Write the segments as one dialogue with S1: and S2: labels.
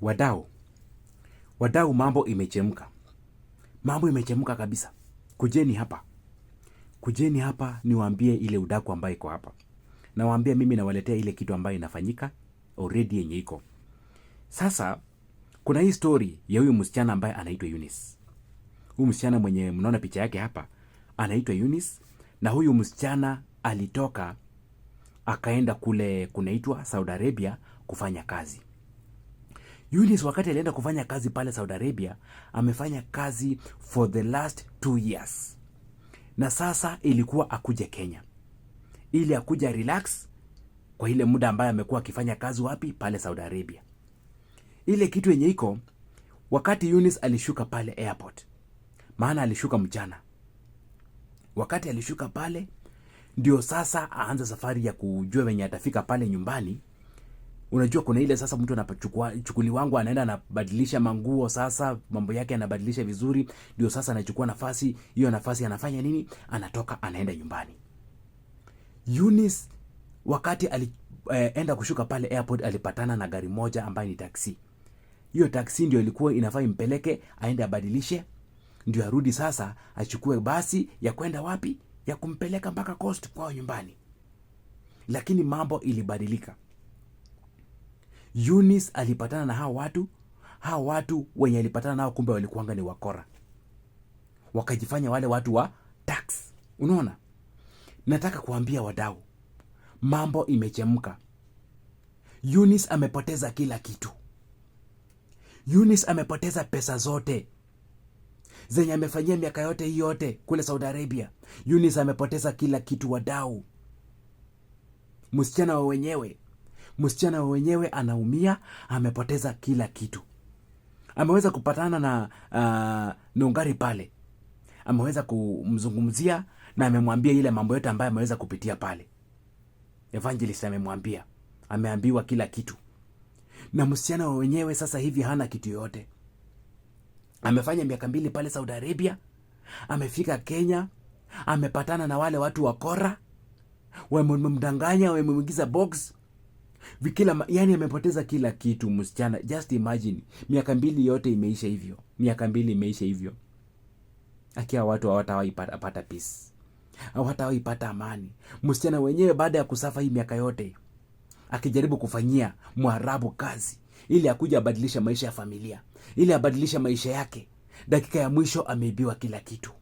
S1: Wadau, wadau, mambo imechemka, mambo imechemka kabisa. Kujeni hapa, kujeni hapa niwaambie ile udaku ambayo iko hapa. Nawaambia mimi nawaletea ile kitu ambayo inafanyika already yenye iko sasa. Kuna hii story ya huyu msichana ambaye anaitwa Eunice. Huyu msichana mwenye mnaona picha yake hapa anaitwa Eunice, na huyu msichana alitoka akaenda kule kunaitwa Saudi Arabia kufanya kazi Julius wakati alienda kufanya kazi pale Saudi Arabia, amefanya kazi for the last two years, na sasa ilikuwa akuja Kenya ili akuja relax kwa ile muda ambayo amekuwa akifanya kazi wapi pale Saudi Arabia. Ile kitu yenye iko wakati Yunis alishuka pale airport, maana alishuka mchana. Wakati alishuka pale, ndio sasa aanze safari ya kujua venye atafika pale nyumbani Unajua kuna ile sasa mtu anapachukua chukuli wangu anaenda anabadilisha manguo sasa, mambo yake anabadilisha vizuri, ndio sasa anachukua nafasi hiyo. Nafasi anafanya nini? Anatoka anaenda nyumbani. yunis wakati alienda eh, kushuka pale airport alipatana na gari moja ambayo ni taksi. Hiyo taksi ndio ilikuwa inafaa impeleke aende abadilishe, ndio arudi sasa achukue basi ya kwenda wapi, ya kumpeleka mpaka Coast kwao nyumbani, lakini mambo ilibadilika. Yunis alipatana na hao watu, hao watu wenye alipatana nao kumbe walikuanga ni wakora, wakajifanya wale watu wa tax. Unaona, nataka kuambia wadau, mambo imechemka. Yunis amepoteza kila kitu. Yunis amepoteza pesa zote zenye amefanyia miaka yote hii yote kule Saudi Arabia. Yunis amepoteza kila kitu, wadau, msichana wa wenyewe msichana wenyewe anaumia, amepoteza kila kitu. Ameweza kupatana na uh, ah, Nungari pale, ameweza kumzungumzia na amemwambia ile mambo yote ambayo ameweza kupitia pale. Evangelist amemwambia, ameambiwa kila kitu, na msichana wenyewe sasa hivi hana kitu yoyote. Amefanya miaka mbili pale Saudi Arabia, amefika Kenya, amepatana na wale watu wa Kora, wamemdanganya, wamemwingiza box vikila yani amepoteza kila kitu msichana. Just imagine miaka mbili yote imeisha hivyo, miaka mbili imeisha hivyo, akiwa watu hawatawaipata peace, hawatawaipata amani. Msichana wenyewe baada ya kusafa hii miaka yote akijaribu kufanyia mwarabu kazi ili akuja abadilisha maisha ya familia, ili abadilisha maisha yake, dakika ya mwisho ameibiwa kila kitu,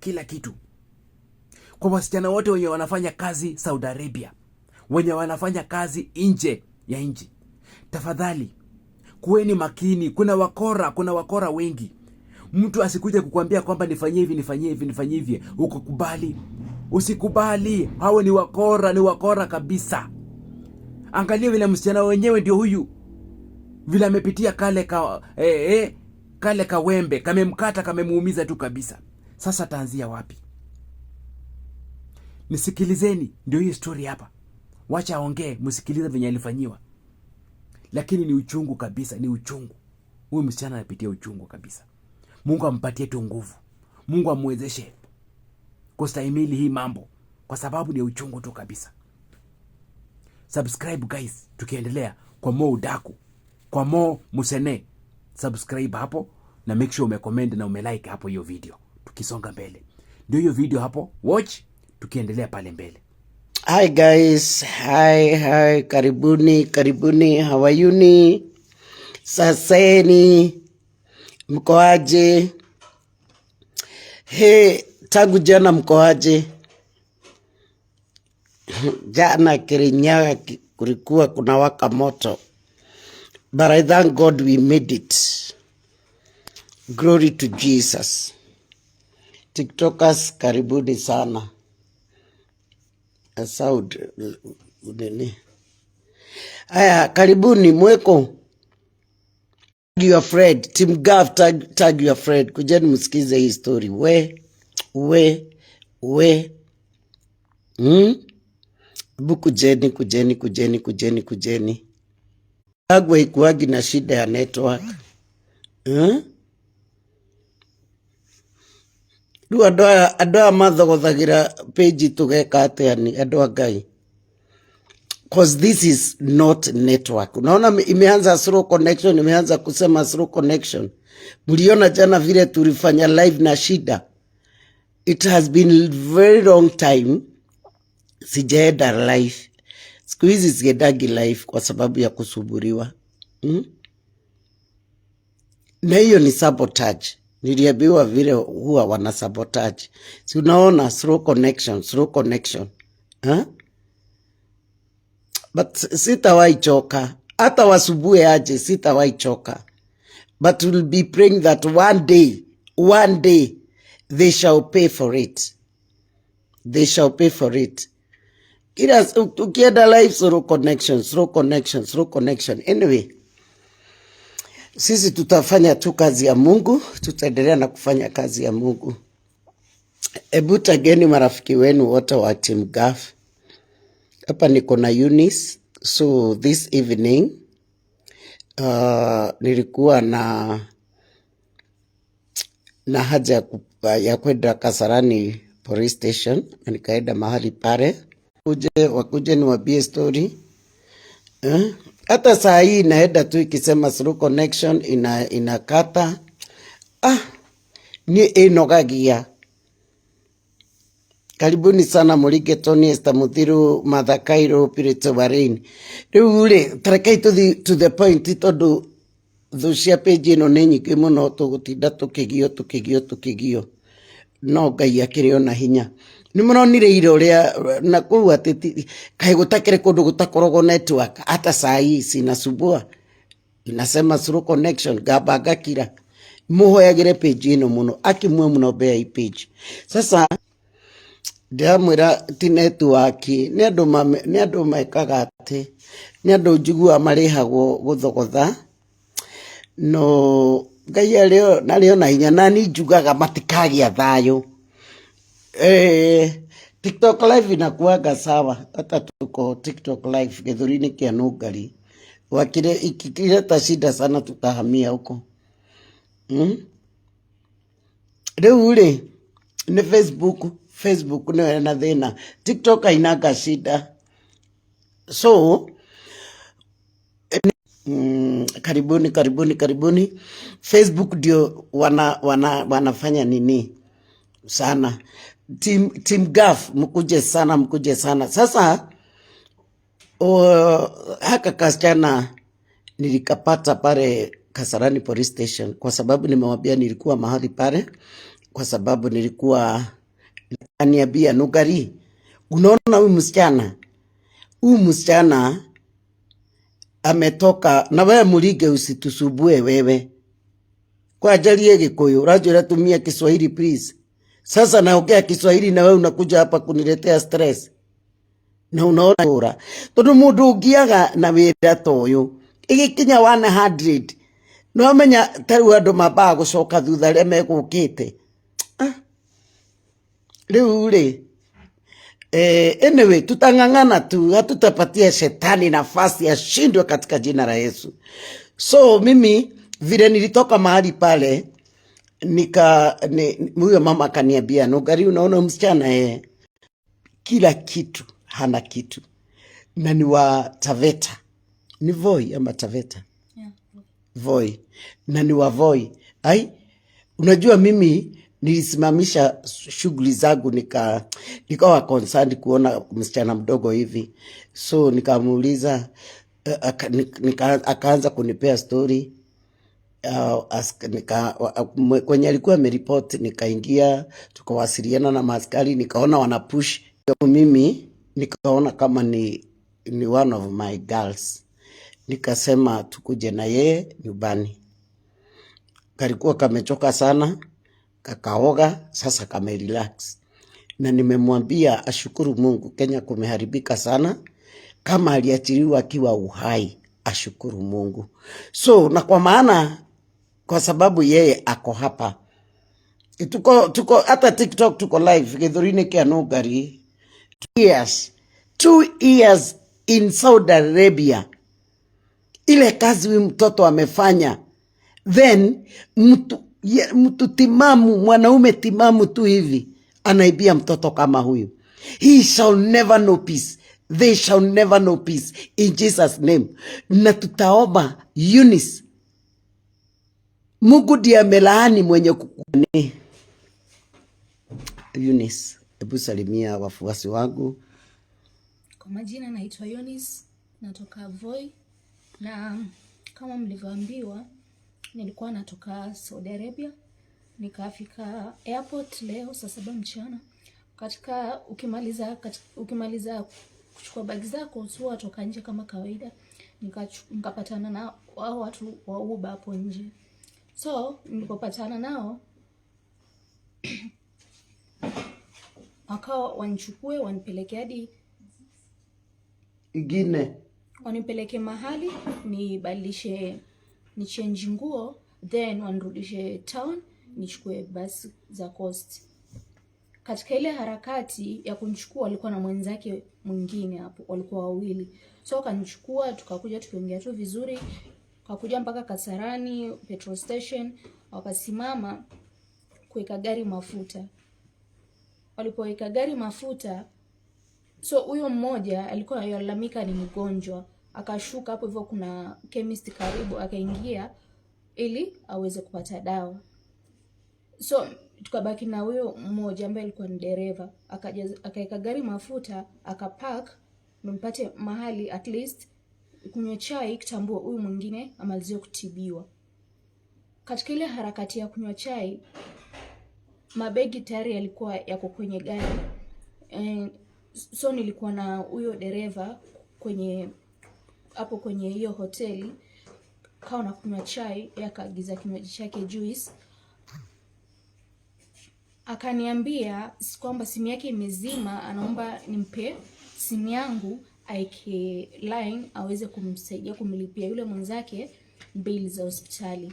S1: kila kitu. Kwa wasichana wote wenye wanafanya kazi Saudi Arabia wenye wanafanya kazi nje ya nchi. Tafadhali kuweni makini, kuna wakora, kuna wakora wengi. Mtu asikuja kukwambia kwamba nifanyie hivi, nifanyie hivi, nifanyie hivi, ukakubali. Usikubali, hao ni wakora, ni wakora kabisa. Angalia vile msichana wenyewe ndio huyu vile amepitia kale ka, eh, eh, kale kawembe kamemkata kamemuumiza tu kabisa. Sasa taanzia wapi? Nisikilizeni, ndio hii stori hapa wacha aongee, msikilize venye alifanyiwa. Lakini ni uchungu kabisa, ni uchungu. Huyu msichana anapitia uchungu kabisa. Mungu ampatie tu nguvu, Mungu amwezeshe kustahimili hii mambo, kwa sababu ni uchungu tu kabisa. Subscribe guys, tukiendelea kwa mo udaku kwa mo musene, subscribe hapo na make sure umecomment na umelike hapo hiyo video, tukisonga mbele. Ndio hiyo video hapo watch, tukiendelea pale mbele.
S2: Hi guys, hi hi, karibuni karibuni, ni saseni, mkoaje? He, tangu jana aje? Jana Kirinyaga kulikuwa kuna waka moto, but I thank God we made it. Glory to Jesus. TikTokers karibuni sana. Sound nini? Aya, karibuni mweko tag your friend Tim Gav, tag, tag your friend, kujeni msikize hii story. We we we hmm? bu kujeni kujeni kujeni kujeni kujeni agwa ikuagi na shida ya network hmm? Rĩu andũ aya andũ aya mathogothagĩra page tũgeka atĩa ni andũ a Ngai cause this is not network. Unaona, imeanza slow connection, imeanza kusema slow connection. Mliona jana vile tulifanya live na shida. It has been very long time sijaenda life Siku hizi siendagi life kwa sababu ya kusuburiwa mm? na hiyo ni sabotage. Niliambiwa vile huwa wana sabotage, si unaona, slow connection, slow connection ha? But sitawaichoka hata wasubue aje, sitawaichoka but will be praying that one day, one day they shall pay for it, they shall pay for it. Kila ukienda live, slow connection, slow connection, slow connection, anyway sisi tutafanya tu kazi ya Mungu, tutaendelea na kufanya kazi ya Mungu. Hebu tageni marafiki wenu wote wa Team Gaf. Hapa niko na Eunice. So this evening uh, nilikuwa na na haja ya kwenda Kasarani police station, nikaenda mahali pale. Wakuje, wakuje niwabie story eh? Hata saa hii inaenda tu ikisema slow connection ina, inakata. Ah, ni inogagia. Karibuni sana Mulike Tony Esther Muthiru Martha Kairu Pirito Warren. Rĩu rĩ tarekai tũthi to the point tondũ thũ cia page ĩno nĩ nyingĩ mũno tũgũtinda tukigio tukigio tukigio no Ngai akĩrĩ ona hinya ni muronire ira uria na kuu atiti kai gutakire kundu gutakoragwo network hata saa hii sinasubua inasema slow connection gabaga kira muhoyagire page ino muno akimwe muno bea i page sasa ndiramwira ti network ni andu ni andu mekaga ati ni andu njigua marihagwo guthogotha no ngai ario nario na hinya nani njugaga matikagia thayo eh, TikTok live inakuaga sawa. Hata tuko TikTok live githurini kia nungari Wakile ikileta shida sana, tutahamia huko mm? Riu ule ni Facebook, Facebook ni na thina, TikTok ainaga shida so Mm, karibuni karibuni karibuni. Facebook ndio wana, wana, wanafanya nini sana tim, tim Gaf mkuje sana, mkuje sana. Sasa uh, haka kasichana nilikapata pale Kasarani Police Station kwa sababu nimewambia nilikuwa mahali pale kwa sababu nilikuwa aniabia nugari. Unaona, huyu msichana huyu msichana ametoka na wewe, Murige, usitusubue wewe kwa ajali ya Gikuyu, unajua tumia Kiswahili please. Sasa naongea Kiswahili na wewe unakuja hapa kuniletea stress. Na unaona bora. Tondu mundu ungiaga na wira toyo. Igikinya 100. No menya taru andu mabaa gucoka thutha ria megukite. Ah. Riu ri. Eh, anyway, tutang'ang'ana tu, hatutapatia shetani nafasi ashindwe katika jina la Yesu. So mimi vile nilitoka mahali pale nika huyo mama akaniambia Nugari, unaona msichana eh, kila kitu hana kitu, na ni wa Taveta ni Voi ama Taveta yeah. Voi na ni wa Voi. Ai, unajua mimi nilisimamisha shughuli zangu nika nikawa concerned kuona msichana mdogo hivi, so nikamuuliza, eh, akaanza kunipea stori uh, nika, uh, kwenye alikuwa ameripoti, nikaingia tukawasiliana na maaskari, nikaona wanapush mimi, nikaona kama ni, ni one of my girls, nikasema tukuje na yeye nyumbani. Kalikuwa kamechoka sana, kakaoga sasa, kamerelax na nimemwambia ashukuru Mungu, Kenya kumeharibika sana. Kama aliachiliwa akiwa uhai, ashukuru Mungu. So na kwa maana kwa sababu yeye ako hapa tuko tuko hata TikTok tuko live githurine kia nugari two years, two years in Saudi Arabia, ile kazi huyu mtoto amefanya, then mtu, ya, mtu timamu mwanaume timamu tu hivi anaibia mtoto kama huyu. He shall never know peace, they shall never know peace in Jesus name, na tutaomba Eunice Mungu ndiye amelaani mwenye kukuni. Eunice, hebu salimia wafuasi wangu.
S3: Kwa majina naitwa Eunice, natoka Voi na kama mlivyoambiwa nilikuwa natoka Saudi Arabia nikafika airport leo saa saba mchana. Katika ukimaliza katika, ukimaliza kuchukua bagi zako huwa watoka nje kama kawaida, nikapatana na wao watu wa Uber hapo nje. So nilipopatana nao wakawa wanichukue wanipeleke hadi
S2: ingine,
S3: wanipeleke mahali nibadilishe, ni change nguo, then wanirudishe town nichukue basi za Coast. Katika ile harakati ya kunichukua, walikuwa na mwenzake mwingine hapo, walikuwa wawili, so wakanichukua, tukakuja tukiongea tu vizuri Wakuja mpaka Kasarani petrol station, wakasimama kuweka gari mafuta. Walipoweka gari mafuta, so huyo mmoja alikuwa analalamika ni mgonjwa, akashuka hapo hivyo, kuna chemist karibu, akaingia ili aweze kupata dawa. So tukabaki na huyo mmoja ambaye alikuwa ni dereva, akaweka gari mafuta, akapark mpate mahali at least kunywa chai kitambua huyu mwingine amalizia kutibiwa. Katika ile harakati ya kunywa chai, mabegi tayari yalikuwa yako kwenye gari e, so nilikuwa na huyo dereva kwenye hapo kwenye hiyo hoteli, kawa na kunywa chai, yakaagiza kinywaji chake juice akaniambia kwamba simu yake imezima, anaomba nimpe simu yangu Aykline aweze kumsaidia kumlipia yule mwenzake bill za hospitali.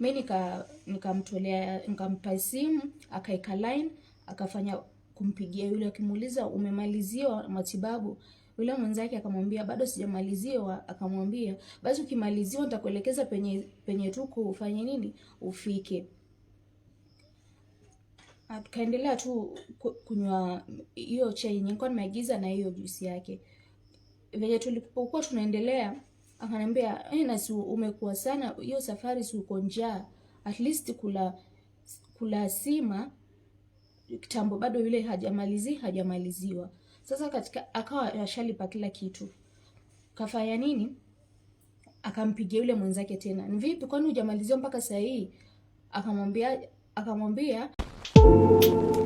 S3: Mi nika nikamtolea nikampa simu akaeka line, akafanya kumpigia yule, akimuuliza umemaliziwa matibabu, yule mwenzake akamwambia bado sijamaliziwa. Akamwambia basi ukimaliziwa nitakuelekeza penye penye tu kufanya nini ufike. Ah, tukaendelea tu kunywa hiyo chai nilikuwa nimeagiza na hiyo juisi yake. Venye tulipokuwa tunaendelea, akanambia eh, Nasi, umekuwa sana hiyo safari, si uko njaa? At least kula kula sima kitambo, bado yule hajamalizi hajamaliziwa. Sasa katika akawa ashalipa kila kitu, kafanya nini? Akampigia yule mwenzake tena, ni vipi, kwani hujamaliziwa mpaka sahii? Akamwambia akamwambia Thank you.